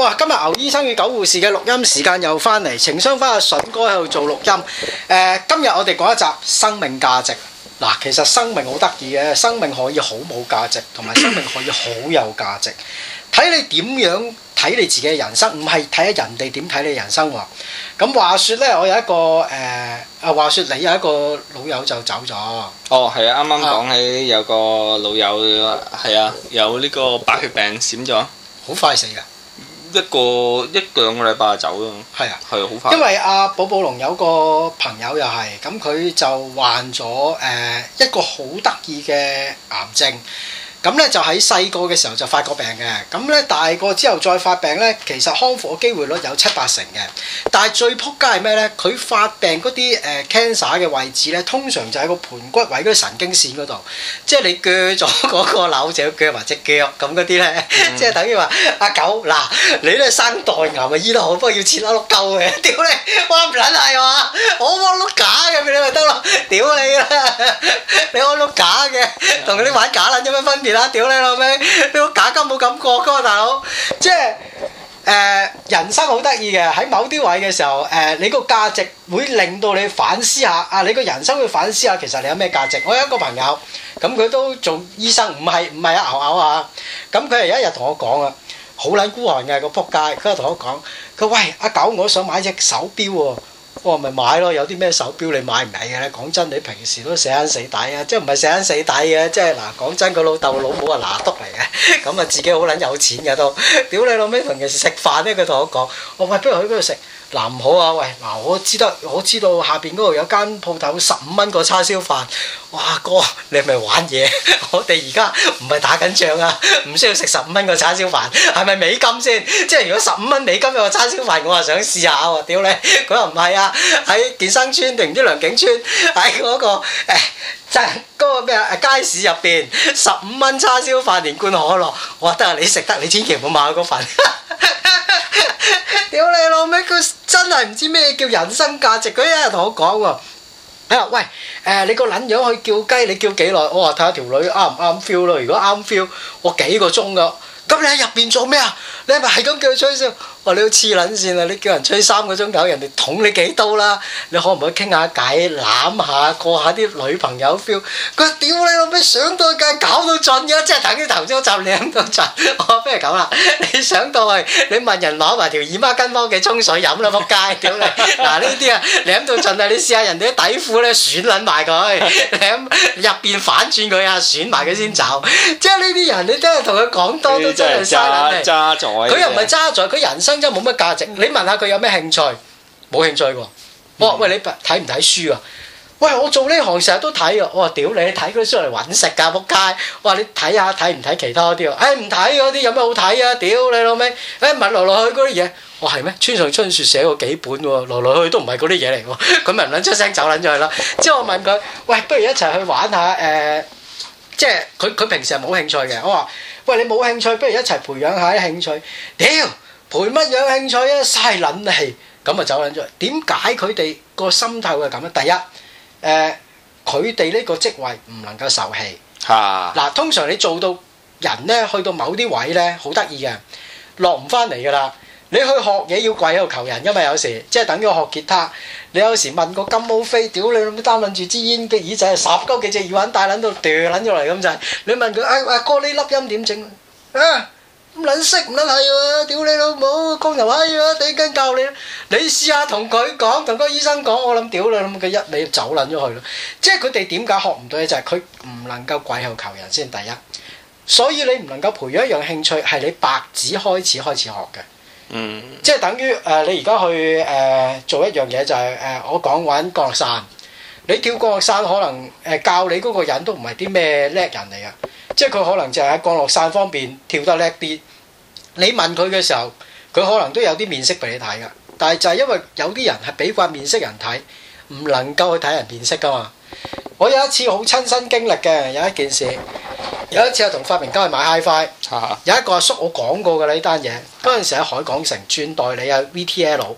哇，今日牛醫生與狗護士嘅錄音時間又翻嚟，情商翻阿筍哥喺度做錄音。誒、呃，今日我哋講一集生命價值。嗱，其實生命好得意嘅，生命可以好冇價值，同埋生命可以好有價值，睇 你點樣睇你自己嘅人生，唔係睇人哋點睇你人生。咁、啊、話說咧，我有一個誒，啊、呃，話說你有一個老友就走咗。哦，係啊，啱啱講起有個老友，係啊，啊啊有呢個白血病閃咗，好快死噶。一個一兩個禮拜就走啦，係啊，係啊，好快。因為阿寶寶龍有個朋友又係，咁佢就患咗誒、呃、一個好得意嘅癌症。咁咧就喺細個嘅時候就發過病嘅，咁咧大個之後再發病咧，其實康復嘅機會率有七八成嘅。但係最撲街係咩咧？佢發病嗰啲誒 cancer 嘅位置咧，通常就喺個盆骨位嗰啲神經線嗰度，即係你鋸咗嗰個瘤隻腳或者腳咁嗰啲咧，呢嗯、即係等於話阿、啊、狗嗱，你都係生袋癌啊，醫得好， 不過要切粒碌鳩嘅，屌你，我唔撚係嘛，我安碌假嘅俾你咪得咯，屌你啦，你安碌假嘅，同嗰啲玩假撚有咩分別？ 嗯啦，屌你老味，你個假金冇感覺噶喎，大佬！即係誒，人生好得意嘅，喺某啲位嘅時候，誒，你個價值會令到你反思下，啊，你個人生會反思下，其實你有咩價值？我有一個朋友，咁佢都做醫生，唔係唔係阿牛牛啊，咁佢係一日同我講啊，好撚孤寒嘅個仆街，嗰日同我講，佢喂阿狗，我想買隻手錶喎。我咪、哦、買咯，有啲咩手錶你買唔起嘅咧？講真，你平時都死慳死抵啊！即係唔係死慳死抵嘅？即係嗱，講真，佢老豆老母啊拿督嚟嘅，咁 啊自己好撚有錢嘅都，屌你老味，平時食飯咧，佢同我講，我咪不如去嗰度食。嗱唔、啊、好啊喂，嗱、啊、我知道我知道下邊嗰度有間鋪頭十五蚊個叉燒飯，哇哥你係咪玩嘢？ 我哋而家唔係打緊仗啊，唔需要食十五蚊個叉燒飯，係咪美金先？即係如果十五蚊美金有個叉燒飯，我啊想試下喎，我屌你！佢話唔係啊，喺建生村定唔知良景村喺嗰、那個即係嗰個咩街市入邊十五蚊叉燒飯連罐可樂，我話得啊你食得，你千祈唔好買嗰份。 屌你老味，佢真係唔知咩叫人生價值，佢一日同我講喂，呃、你個撚樣去叫雞，你叫幾耐？我話睇下條女啱唔啱 feel 咯。如果啱 feel，我幾個鐘噶。咁你喺入邊做咩啊？你係咪係咁叫佢吹簫？話你好黐撚線啊！你叫人吹三個鐘頭，人哋捅你幾刀啦！你可唔可以傾下偈，攬下過下啲女朋友 feel？佢屌你老味，上到去梗係，搞到盡啊！即係頭先頭先我就舐到盡，我不如咁啦！你上到去，你問人攞埋條姨媽巾幫佢沖水飲啦！仆街，屌你！嗱，呢啲啊舐到盡啊！你試下人哋啲底褲咧損撚埋佢，你入邊反轉佢啊，損埋佢先走。嗯、即係呢啲人，你真係同佢講多都～ 即係揸揸在，佢又唔係揸在，佢人生真係冇乜價值。你問下佢有咩興趣？冇興趣喎。我話喂，你睇唔睇書啊？喂，我做呢行成日都睇嘅。我話屌你，睇嗰啲出嚟揾食噶，仆街。我話你睇下睇唔睇其他啲啊？誒，唔睇嗰啲有咩好睇啊？屌你老味，誒，問來來去嗰啲嘢，我係咩？村上春樹寫過幾本喎，來來去去都唔係嗰啲嘢嚟。佢咪唔捻出聲走捻咗去啦。之後我問佢，喂，不如一齊去玩下誒？即係佢佢平時係冇興趣嘅，我話：喂，你冇興趣，不如一齊培養下啲興趣。屌，培乜樣興趣啊？嘥撚氣，咁啊走撚咗。點解佢哋個心態會咁咧？第一，誒，佢哋呢個職位唔能夠受氣。嚇！嗱，通常你做到人咧，去到某啲位咧，好得意嘅，落唔翻嚟㗎啦。你去學嘢要跪喺度求人，因為，有時即係等於學吉他。你有時問個金毛飛，屌你老母擔住支煙嘅耳仔，十鳩幾隻耳環戴撚到掉撚咗嚟咁滯。你問佢，阿阿哥呢粒音點整啊？唔撚、啊、識唔撚係喎，屌、啊、你老母，工又閪喎，地根、哎、教你。你試下同佢講，同個醫生講，我諗屌你咁嘅一味走撚咗去咯。即係佢哋點解學唔到咧？就係佢唔能夠跪喺度求人先第一。所以你唔能夠培養一樣興趣係你白紙開始開始學嘅。嗯，即係等於誒、呃，你而家去誒、呃、做一樣嘢就係、是、誒、呃，我講玩降落傘，你跳降落傘可能誒教你嗰個人都唔係啲咩叻人嚟噶，即係佢可能就係喺降落傘方面跳得叻啲。你問佢嘅時候，佢可能都有啲面色俾你睇噶，但係就係因為有啲人係俾慣面色人睇，唔能夠去睇人面色噶嘛。我有一次好親身經歷嘅，有一件事，有一次我同發明家去買 Hi-Fi，有一個阿叔,叔，我講過噶呢單嘢。嗰陣時喺海港城轉代理啊，V T L。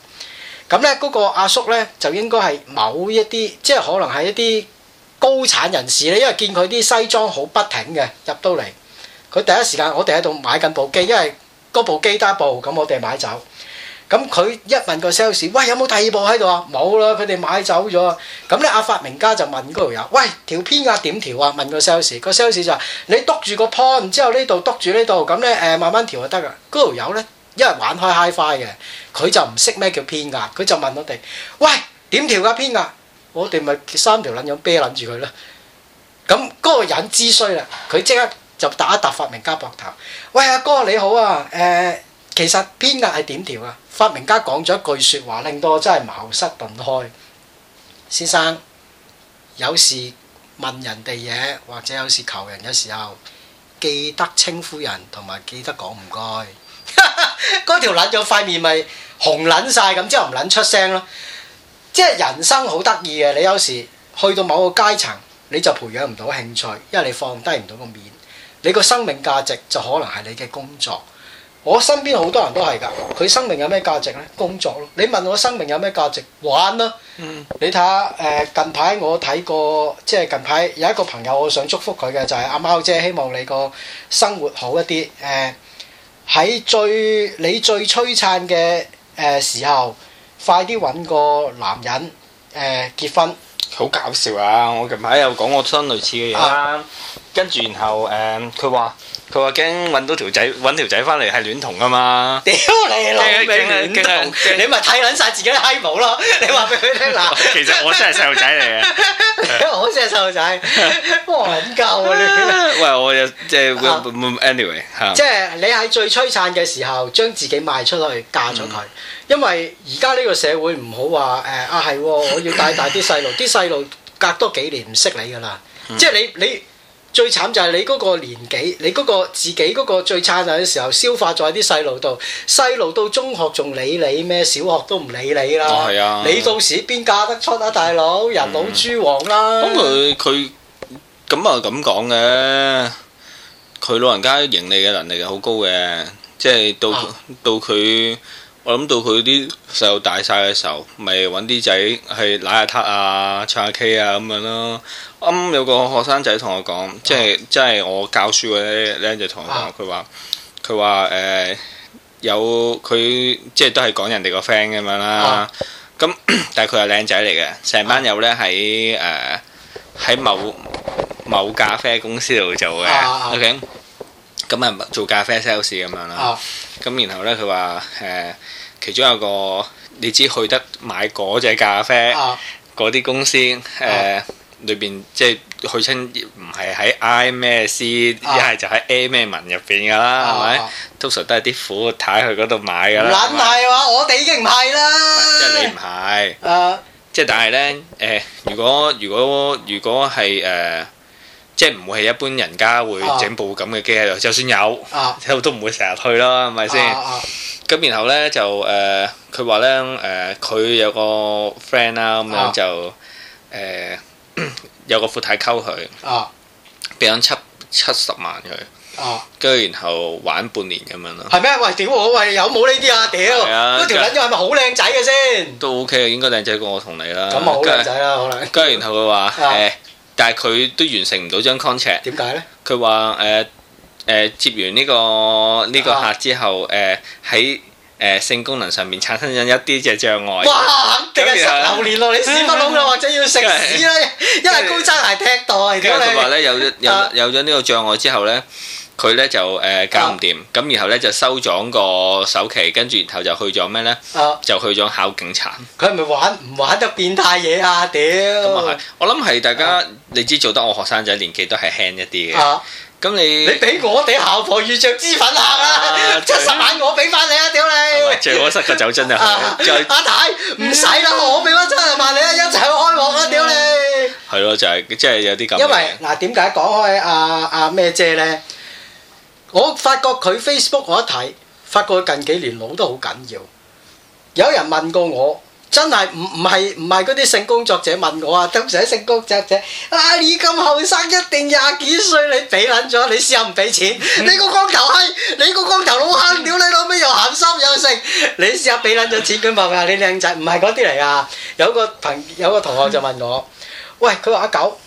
咁呢嗰個阿叔,叔呢，就應該係某一啲，即係可能係一啲高產人士呢，你因為見佢啲西裝好不挺嘅入到嚟，佢第一時間我哋喺度買緊部機，因為嗰部機得一部咁，我哋買走。咁佢一問個 sales，喂有冇第二部喺度啊？冇啦，佢哋買走咗。咁咧阿發明家就問嗰條友，喂條偏壓點調啊？問個 sales，個 sales 就話你篤住個 pon 之後呢度篤住呢度，咁咧誒慢慢調就得啦。嗰條友咧因為玩開 hifi 嘅，佢就唔識咩叫偏壓，佢就問我哋，喂點調啊偏壓？我哋咪三條撚樣啤撚住佢啦。咁嗰個人之衰啦，佢即刻就打一打發明家膊頭，喂阿哥你好啊，誒。其實偏壓係點調啊？發明家講咗一句説話，令到我真係茅塞頓開。先生，有時問人哋嘢，或者有時求人嘅時候，記得稱呼人，同埋記得講唔該。嗰 條撚咗塊面咪紅撚晒咁，之後唔撚出聲囉。即係人生好得意嘅，你有時去到某個階層，你就培養唔到興趣，因為你放低唔到個面，你個生命價值就可能係你嘅工作。我身邊好多人都係㗎，佢生命有咩價值咧？工作咯。你問我生命有咩價值？玩咯。嗯。你睇下誒，近排我睇過，即係近排有一個朋友，我想祝福佢嘅就係、是、阿貓姐，希望你個生活好一啲。誒、呃，喺最你最璀璨嘅誒、呃、時候，快啲搵個男人誒、呃、結婚。好搞笑啊！我近排又講過新類似嘅嘢。跟住，然後誒，佢話佢話驚揾到條仔，揾條仔翻嚟係戀童啊嘛！屌你，你咪睇撚晒自己啲閪毛咯！你話俾佢聽嗱，其實我真係細路仔嚟嘅，我真係細路仔，我諗夠啊！呢啲喂，我、anyway, 又 即係 anyway 即係你喺最璀璨嘅時候將自己賣出去嫁咗佢。嗯、因為而家呢個社會唔好話誒啊係、哦，我要帶大啲細路，啲細路隔多幾年唔識你噶啦，即係你你。你你最慘就係你嗰個年紀，你嗰個自己嗰個最燦爛嘅時候，消化咗啲細路度，細路到中學仲理你咩？小學都唔理你啦，啊啊、你到時邊嫁得出啊？大佬人老珠黃啦。咁佢佢咁啊咁講嘅，佢、嗯嗯嗯嗯、老人家盈利嘅能力好高嘅，即、就、係、是、到、啊、到佢。到我諗到佢啲細路大晒嘅時候，咪揾啲仔去拉下塔啊、唱下 K 啊咁樣咯。啱、嗯、有個學生仔同我講，即係即係我教書嗰啲僆仔同我講，佢話佢話誒有佢即係都係講人哋個 friend 咁樣啦。咁但係佢係靚仔嚟嘅，成班友呢喺誒喺某某咖啡公司度做嘅。啊、ok。咁啊，做咖啡 sales 咁樣啦。咁然後咧，佢話誒，其中一個你知去得買嗰隻咖啡，嗰啲公司誒裏邊即係去親唔係喺 I 咩 C，一係就喺 A 咩文入邊㗎啦，係咪？通常都係啲富太去嗰度買㗎啦。唔係喎，我哋已經唔係啦。即係你唔係。誒，即係但係咧誒，如果如果如果係誒。即係唔會係一般人家會整部咁嘅機喺度，就算有，都都唔會成日去啦，係咪先？咁然後咧就誒，佢話咧誒，佢有個 friend 啦，咁樣就誒有個闊太溝佢，俾咗七七十萬佢，跟住然後玩半年咁樣咯。係咩？喂，屌喂有冇呢啲啊？屌，嗰條捻嘢係咪好靚仔嘅先？都 OK 啊，應該靚仔過我同你啦。咁我好靚仔啦，好靚仔。跟住然後佢話誒。但係佢都完成唔到張 contract，點解呢？佢話誒誒接完呢、呢個呢、呢個客之後，誒、呃、喺、呃、性功能上面產生咗一啲嘅障礙。哇！肯定係食榴蓮咯，後你屎不擋㗎，或者要食屎啦，因為高踭鞋踢到啊！咁佢話呢，有咗有有咗呢個障礙之後呢？佢咧就誒搞唔掂，咁然後咧就收咗個首期，跟住然後就去咗咩咧？就去咗考警察。佢係咪玩唔玩得變態嘢啊？屌！咁啊係，我諗係大家你知做得我學生仔年紀都係輕一啲嘅。咁你你俾我哋校服與着脂粉客啊！七十萬我俾翻你啊！屌你！著我濕嘅酒精啊！阿太唔使啦，我俾翻七十萬你啊，一齊去開鑊啊！屌你！係咯，就係即係有啲咁。因為嗱點解講開阿阿咩姐咧？我發覺佢 Facebook 我一睇，發覺佢近幾年老得好緊要。有人問過我，真係唔唔係唔係嗰啲性工作者問我啊？都唔使性工作者啊！你咁後生，一定廿幾歲，你俾撚咗？你試下唔俾錢？你個光頭閪，你個光頭老坑屌你老味又鹹濕又性，你試下俾撚咗錢佢咪話你靚仔？唔係嗰啲嚟啊！有個朋有個同學就問我：喂，佢話阿狗。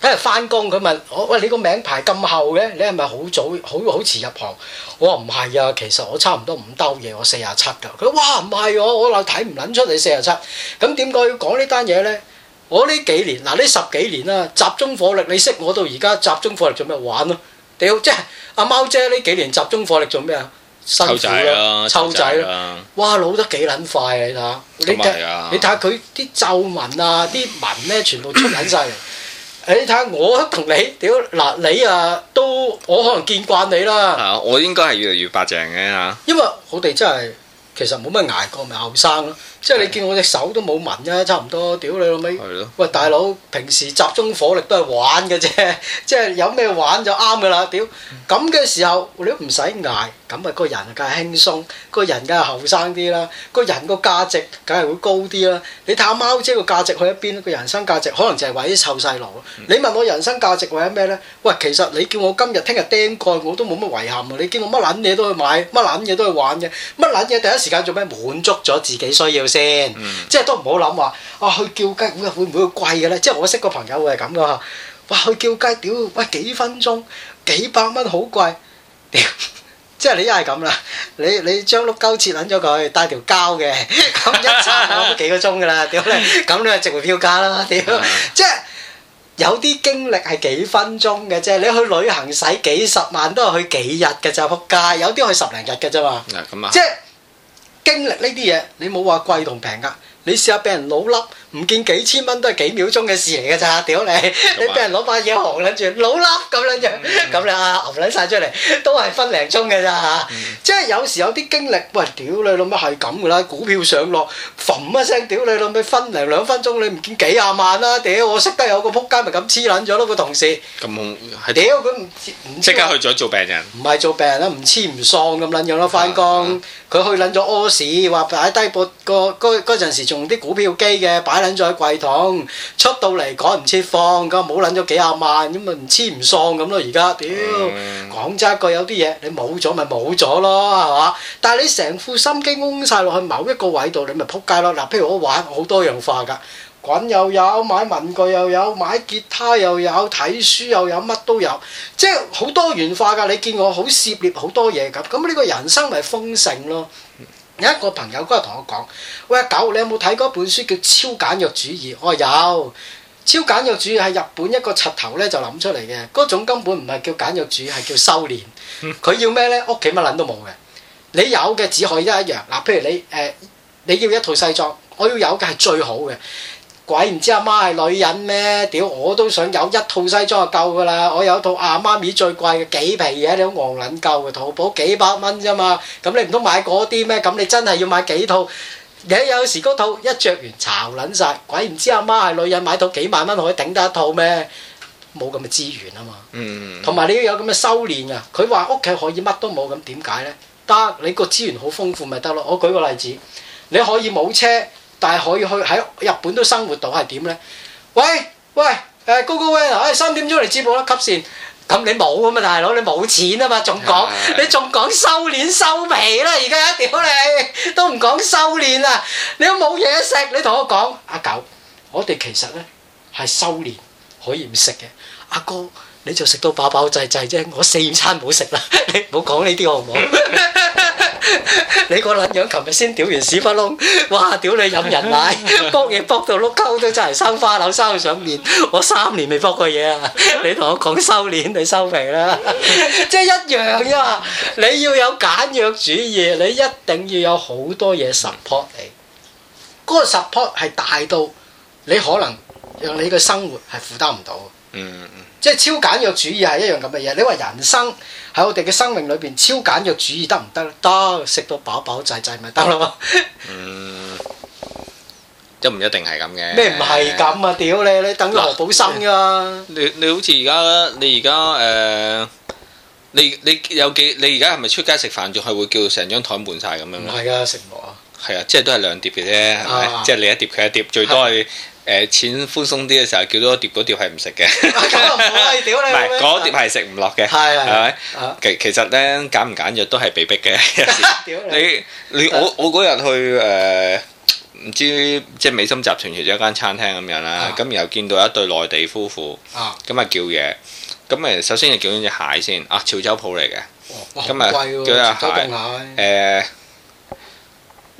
睇日翻工，佢問我：喂，你個名牌咁後嘅，你係咪好早、好好遲入行？我話唔係啊，其實我差唔多五兜嘢，我四十七㗎。佢：哇，唔係我，我又睇唔撚出你四十七。咁點解要講呢單嘢呢？我呢幾年嗱，呢、啊、十幾年啊，集中火力，你識我到而家集中火力做咩？玩咯、啊？屌，即係阿、啊、貓姐呢幾年集中火力做咩啊？抽仔啦，抽仔啊。哇，老得幾撚快啊！你睇下、啊，你睇下佢啲皺紋啊，啲紋、啊、呢，全部出撚曬。 你睇下我同你，屌嗱你啊，你啊都，我可能見慣你啦、啊。我應該係越嚟越白淨嘅，因為我哋真係。其實冇乜捱過咪後、就是、生咯，即係你見我隻手都冇紋嘅，差唔多。屌你老味，的喂大佬，平時集中火力都係玩嘅啫，即係有咩玩就啱嘅啦。屌咁嘅、嗯、時候你都唔使捱，咁啊個人梗係輕鬆，個人梗係後生啲啦，個人個價值梗係會高啲啦。你睇下貓姐個價值去一邊，個人生價值可能就係為啲臭細路。嗯、你問我人生價值為咗咩呢？喂，其實你叫我今日聽日釘蓋我都冇乜遺憾喎。你叫我乜撚嘢都去買，乜撚嘢都去玩嘅，乜撚嘢第一時。而家做咩？滿足咗自己需要先，即係都唔好諗話。哇！去叫雞會唔會貴嘅呢？即係我識個朋友會係咁噶。哇！去叫雞屌喂，幾分鐘幾百蚊好貴，屌！即係你一係咁啦。你你將碌鳩切撚咗佢，帶條膠嘅，咁一餐都幾個鐘噶啦，屌你！咁你係值回票價啦，屌！即係有啲經歷係幾分鐘嘅啫。你去旅行使幾十萬都係去幾日嘅咋，仆街！有啲去十零日嘅咋嘛。嗱咁啊，即係。經歷呢啲嘢，你冇話貴同平噶，你試下俾人老笠，唔見幾千蚊都係幾秒鐘嘅事嚟噶咋？屌你，你俾人攞把嘢行捻住老笠咁樣樣，咁你啊嘔捻晒出嚟，都係分零鐘嘅咋吓？即係有時有啲經歷，喂，屌你老母係咁噶啦，股票上落，咁一聲，屌你老母分零兩分鐘，你唔見幾廿萬啦？屌，我識得有個仆街咪咁黐捻咗咯，個同事。咁恐係屌佢唔知即刻去咗做病人？唔係做病人啦，唔黐唔喪咁捻樣咯，翻工。佢去撚咗屙屎，話擺低博個嗰嗰陣時仲啲股票機嘅，擺撚咗喺櫃桶，出到嚟趕唔切放咁，冇撚咗幾廿萬，咁咪唔黐唔喪咁咯而家，屌，講真一句有啲嘢，你冇咗咪冇咗咯，係嘛？但係你成副心機㧬曬落去某一個位度，你咪仆街咯。嗱，譬如我玩好多樣化㗎。滾又有買文具又有買結他又有睇書又有乜都有，即係好多元化㗎。你見我好涉獵好多嘢咁，咁呢個人生咪豐盛咯。嗯、有一個朋友嗰日同我講：「喂，狗，你有冇睇過一本書叫《超簡約主義》？我話有。超簡約主義係日本一個柒頭咧就諗出嚟嘅，嗰種根本唔係叫簡約主義，係叫修練。佢、嗯、要咩咧？屋企乜撚都冇嘅，你有嘅只可以得一樣。嗱，譬如你誒、呃、你要一套西裝，我要有嘅係最好嘅。鬼唔知阿媽係女人咩？屌，我都想有一套西裝就夠噶啦！我有一套阿媽咪最貴嘅幾皮嘢，你都戇撚夠嘅，淘寶幾百蚊啫嘛！咁你唔通買嗰啲咩？咁你真係要買幾套？你有時嗰套一着完巢撚晒。鬼唔知阿媽係女人，買套幾萬蚊可以頂得一套咩？冇咁嘅資源啊嘛。嗯。同埋你要有咁嘅修煉啊！佢話屋企可以乜都冇，咁點解呢？得你個資源好豐富咪得咯！我舉個例子，你可以冇車。但係可以去喺日本都生活到係點呢？喂喂，誒高高喂啊！誒三點鐘嚟接我啦，吸線。咁你冇啊嘛，大佬，你冇錢啊嘛，仲講你仲講修煉收皮啦，而家一屌你都唔講修煉啊！你都冇嘢食，你同我講阿九，我哋其實呢係修煉，可以唔食嘅。阿哥你就食到飽飽滯滯啫，我四餐冇食啦，你唔好講呢啲好唔好？你個撚樣，琴日先屌完屎忽窿，哇！屌你飲人奶，卜嘢卜到碌鳩都真係生花柳生上面，我三年未卜過嘢啊！你同我講收斂，你收皮啦！即係一樣啫嘛，你要有簡約主義，你一定要有好多嘢 support 你，嗰個 support 係大到你可能讓你嘅生活係負擔唔到。嗯嗯。即係超簡約主義係一樣咁嘅嘢，你話人生喺我哋嘅生命裏邊，超簡約主義行行得唔得得食到飽飽滯滯咪得咯。嗯，都唔一定係咁嘅。咩唔係咁啊？屌你你等於何寶生噶、啊。你你好似而家你而家誒，你、呃、你，你有幾？你而家係咪出街食飯仲係會叫成張台滿晒咁樣咧？唔係食唔落啊。係啊，即係都係兩碟嘅啫，係咪？即係你一碟佢一碟，最多係。誒錢、呃、寬鬆啲嘅時候，叫多碟嗰、 啊、碟係唔食嘅，嗰碟係食唔落嘅，係咪？其其實咧揀唔揀藥都係被逼嘅， 你你的我我嗰日去誒唔、呃、知即係美心集團其中、呃、一間餐廳咁樣啦，咁、啊、然後見到一對內地夫婦，咁啊叫嘢，咁誒首先係叫咗隻蟹先，啊潮州鋪嚟嘅，咁啊叫隻蟹，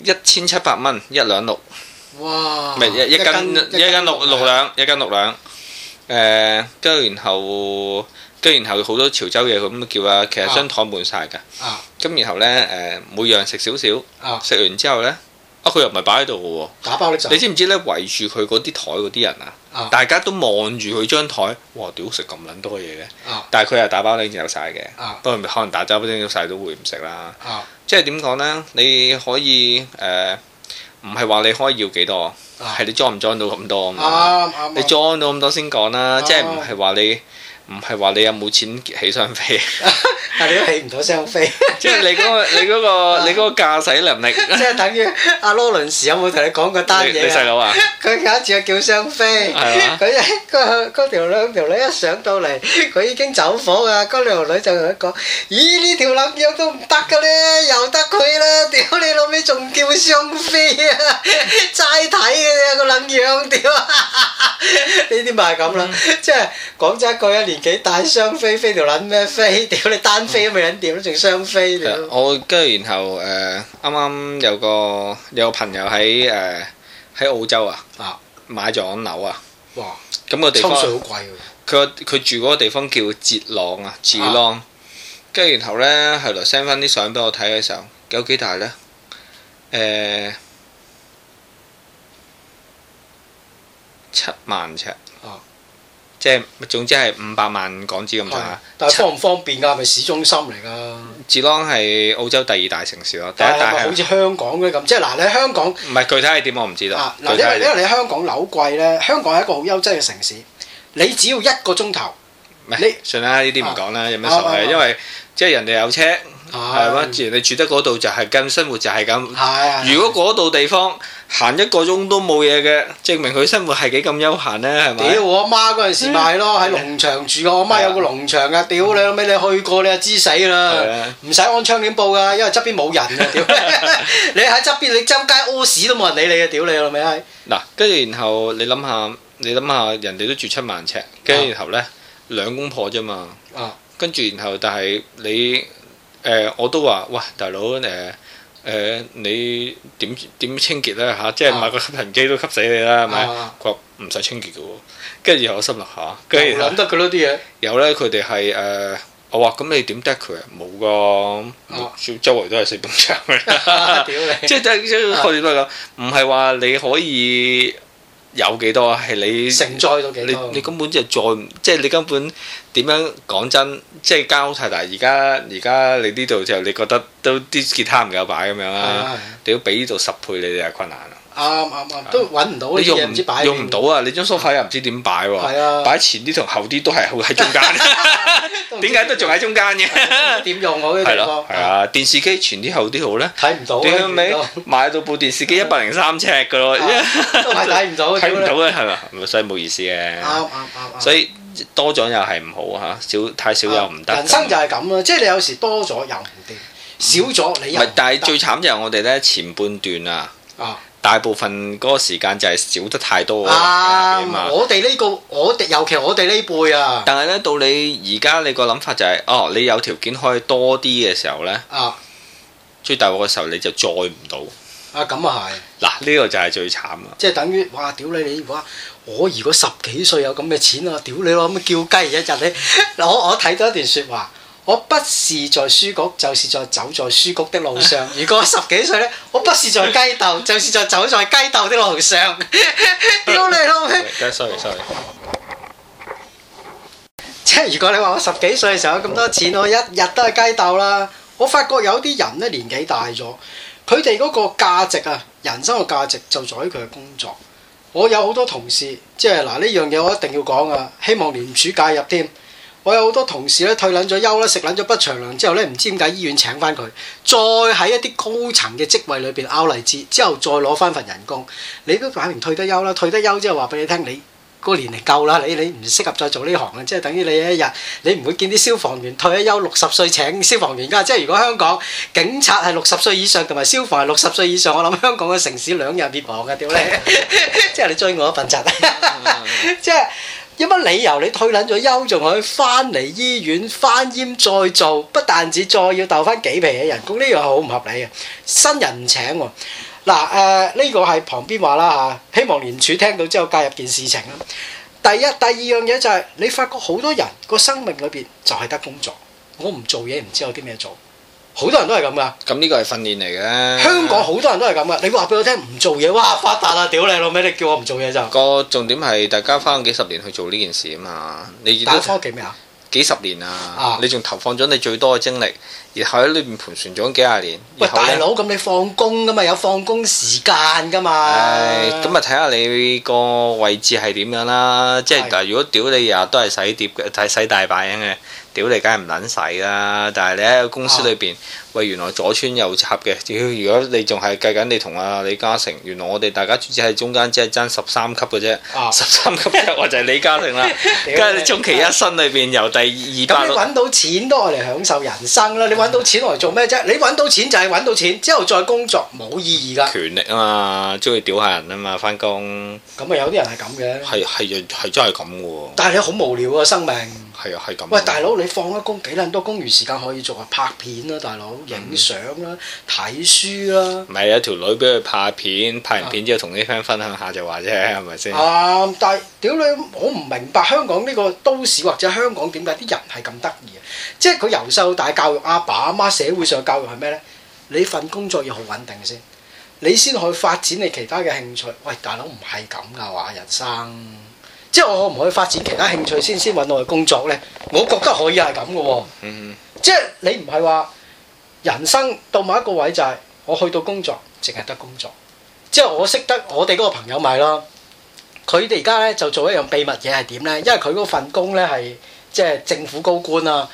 誒一千七百蚊一兩六。唔係一斤一斤六六兩一斤六兩，誒，跟住然後跟住然後好多潮州嘢咁叫啊，其實張台滿晒㗎。咁然後咧誒，每樣食少少。食完之後咧，啊佢又唔係擺喺度嘅喎。打包拎走。你知唔知咧？圍住佢嗰啲台嗰啲人啊，大家都望住佢張台。哇！屌食咁撚多嘢嘅。但係佢係打包拎走晒嘅。不過可能打包拎走晒都會唔食啦。即係點講咧？你可以誒。唔係話你可以要幾多，係你裝唔裝到咁多啊？你裝到咁多先講啦，即係唔係話你。唔係話你有冇錢起雙飛，但你都起唔到雙飛，即係你嗰個你嗰個你嗰個駕駛能力，即係等於阿羅倫士有冇同你講過單嘢啊？你細佬啊？佢揀住叫雙飛，佢嗰嗰條兩條女一上到嚟，佢已經走火㗎。嗰兩條女就同佢講，咦呢條撚樣都唔得㗎咧，由得佢啦！屌你老味，仲叫雙飛啊？齋睇啊，個撚樣屌！呢啲咪係咁啦，即係廣州一個一年。幾大雙飛飛條撚咩飛？屌你單飛都未人掂，仲雙飛、嗯、我跟住然後誒，啱、呃、啱有個有個朋友喺誒喺澳洲啊啊買咗樓啊！哇！咁個地方抽稅好貴佢、啊、佢住嗰個地方叫捷朗啊，捷浪。跟住、啊、然後咧，後來 send 翻啲相俾我睇嘅時候，有幾大咧？誒、呃、七萬尺。即係總之係五百萬港紙咁大，但係方唔方便㗎？係咪市中心嚟㗎？墨爾本係澳洲第二大城市咯，是第一大係好似香港嘅。咁，即係嗱你喺香港唔係具體係點我唔知道嗱，因為、啊、因為你香港樓貴咧，香港係一個好優質嘅城市，你只要一個鐘頭，唔係，算啦，呢啲唔講啦，啊、有咩所謂？啊啊啊、因為即係人哋有車。係，自然你住得嗰度就係咁，生活就係咁。如果嗰度地方行一個鐘都冇嘢嘅，證明佢生活係幾咁悠閒咧，係嘛？屌，我阿媽嗰陣時咪係咯，喺農場住啊，我阿媽有個農場啊，屌你老味，你去過你就知死啦，唔使安窗簾布噶，因為側邊冇人啊，屌！你喺側邊你周街屙屎都冇人理你啊，屌你老味啊！嗱，跟住然後你諗下，你諗下人哋都住七萬尺，跟住然後咧兩公婆啫嘛，跟住然後但係你。誒，我都話，喂、uh,，大佬，誒，誒，你點點清潔咧嚇？即係買個吸塵機都吸死你啦，係咪？佢話唔使清潔嘅喎，跟住然後我心諗嚇，梗係諗得佢咯啲嘢。然後咧，佢哋係誒，我話咁你點得佢啊？冇個，周周圍都係四柄槍嘅，即係即係開始都咁，唔係話你可以。有幾多？啊，係你承載到幾多？你根本就再，即係你根本點樣講真？即係間屋太大，而家而家你呢度就你覺得都啲吉他唔夠擺咁樣啦，的你要俾呢度十倍，你哋係困難啦。啱啱啱都揾唔到，你用唔用唔到啊？你張梳化又唔知點擺喎？係啊，擺前啲同後啲都係，喺中間。點解都仲喺中間嘅？點用我啲地方？係咯，係啊，電視機前啲後啲好咧，睇唔到。你係咪買到部電視機一百零三尺嘅咯？都睇唔到，睇唔到嘅係咪？所以冇意思嘅。所以多咗又係唔好吓，少太少又唔得。人生就係咁啦，即係你有時多咗又唔掂，少咗你又唔掂。但係最慘就係我哋咧前半段啊。大部分嗰個時間就係少得太多啊！啊我哋呢個，我哋尤其我哋呢輩啊。但係咧，到你而家你個諗法就係，哦，你有條件可以多啲嘅時候咧。啊！最大鑊嘅時候你就載唔到。啊，咁啊係。嗱，呢個就係最慘啊！即係等於，哇！屌你你話，我如果十幾歲有咁嘅錢啊，我屌你咯，咁叫雞一日你，我我睇咗一段説話，我不是在書局，就是在走在書局的路上。 如果我十幾歲呢？我不是在雞竇，就是在走在雞竇的路上。屌你老味！幾歲？即係如果你話我十幾歲嘅時候有咁多錢，我一日都係雞竇啦。我發覺有啲人呢，年紀大咗，佢哋嗰個價值啊，人生嘅價值就在於佢嘅工作。我有好多同事，即係嗱，呢樣嘢我一定要講啊，希望廉署介入添。我有好多同事咧，退撚咗休啦，食撚咗筆長糧之後咧，唔知點解醫院請翻佢，再喺一啲高層嘅職位裏邊拗利字，之後再攞翻份人工。你都擺明退得休啦，退得休之後話俾你聽，你嗰個年齡夠啦，你你唔適合再做呢行啦，即係等於你一日你唔會見啲消防員退咗休六十歲請消防員㗎，即係如果香港警察係六十歲以上同埋消防係六十歲以上，我諗香港嘅城市兩日滅亡㗎屌你， 即係你追我一份責， 即係。有乜理由你退撚咗休仲可以翻嚟醫院翻奄再做？不但止再要鬥翻幾皮嘅人工，呢樣係好唔合理嘅。新人唔請喎、啊。嗱、啊、誒、呢、呃這個係旁邊話啦嚇，希望廉署聽到之後介入件事情啦。第一、第二樣嘢就係、是、你發覺好多人個生命裏邊就係得工作，我唔做嘢唔知有啲咩做。好多人都係咁噶，咁呢個係訓練嚟嘅。香港好多人都係咁噶，你話俾我聽唔做嘢，哇，發達啦，屌你老味，你叫我唔做嘢就個重點係大家返幾十年去做呢件事啊嘛，你打科技咩啊？幾十年啊，你仲投放咗你最多嘅精力，然後喺裏面盤旋咗幾廿年。喂，大佬，咁你放工噶嘛？有放工時間噶嘛？咁啊，睇下你個位置係點樣啦，即係嗱，的如果屌你日日都係洗碟嘅，洗洗大把嘢。屌你梗係唔撚使啦！但係你喺個公司裏邊，喂、啊，原來左穿右插嘅，屌！如果你仲係計緊你同阿李嘉誠，原來我哋大家只係中間只，只係爭十三級嘅啫，十三級或者就係李嘉誠啦。梗係你終其一生裏邊由第二百六，咁你揾到錢都係嚟享受人生啦！你揾到錢嚟做咩啫？你揾到錢就係揾到錢，之後再工作冇意義噶。權力啊嘛，中意屌下人啊嘛，翻工。咁啊，有啲人係咁嘅。係係，係真係咁嘅喎。但係你好無聊啊，生命。係啊，係咁。喂，大佬，你放咗工幾撚多，多公餘時間可以做啊？拍片啦、啊，大佬，影相啦，睇書啦、啊。唔係有條女俾佢拍片，拍完片之後同啲 friend 分享下就話啫，係咪先？啱、嗯，但係屌你，我唔明白香港呢個都市或者香港點解啲人係咁得意啊？即係佢由細到大教育阿爸阿媽，媽社會上嘅教育係咩咧？你份工作要好穩定先，你先可以發展你其他嘅興趣。喂，大佬唔係咁噶話，人生。即係我唔去發展其他興趣先，先揾到嘅工作呢，我覺得可以係咁嘅喎。嗯，即係你唔係話人生到某一個位就係我去到工作淨係得工作。即係我識得我哋嗰個朋友咪咯，佢哋而家咧就做一樣秘密嘢係點呢？因為佢嗰份工咧係即係政府高官啦、啊，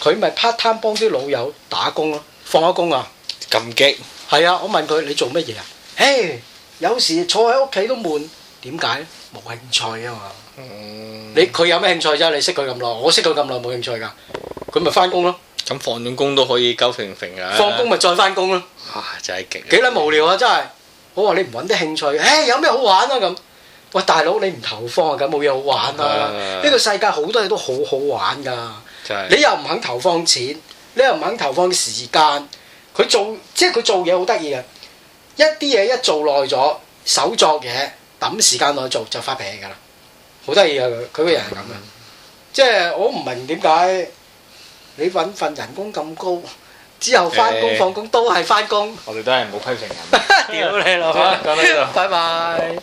佢咪 part time 幫啲老友打工咯、啊，放一工啊。咁激係啊！我問佢你做乜嘢啊？誒，有時坐喺屋企都悶，點解？冇興趣啊嘛，嗯、你佢有咩興趣啫？你識佢咁耐，我識佢咁耐冇興趣噶，佢咪返工咯。咁放咗工都可以鳩平平啊。放工咪再返工咯。哇，真係勁！幾撚無聊啊！真係，我話你唔搵啲興趣，誒、欸、有咩好玩啊咁？喂，大佬你唔投放啊咁冇嘢好玩啊！呢的個世界好多嘢都好好玩㗎、啊，的你又唔肯投放錢，你又唔肯投放時間，佢做即係佢做嘢好得意啊！一啲嘢一做耐咗，手作嘢。抌時間內做就發脾氣㗎啦，好得意啊！佢，佢個人係咁樣，即係我唔明點解你揾份人工咁高，之後返工放工都係返工。我哋都係冇批評人，屌 你老闆，講拜拜。 了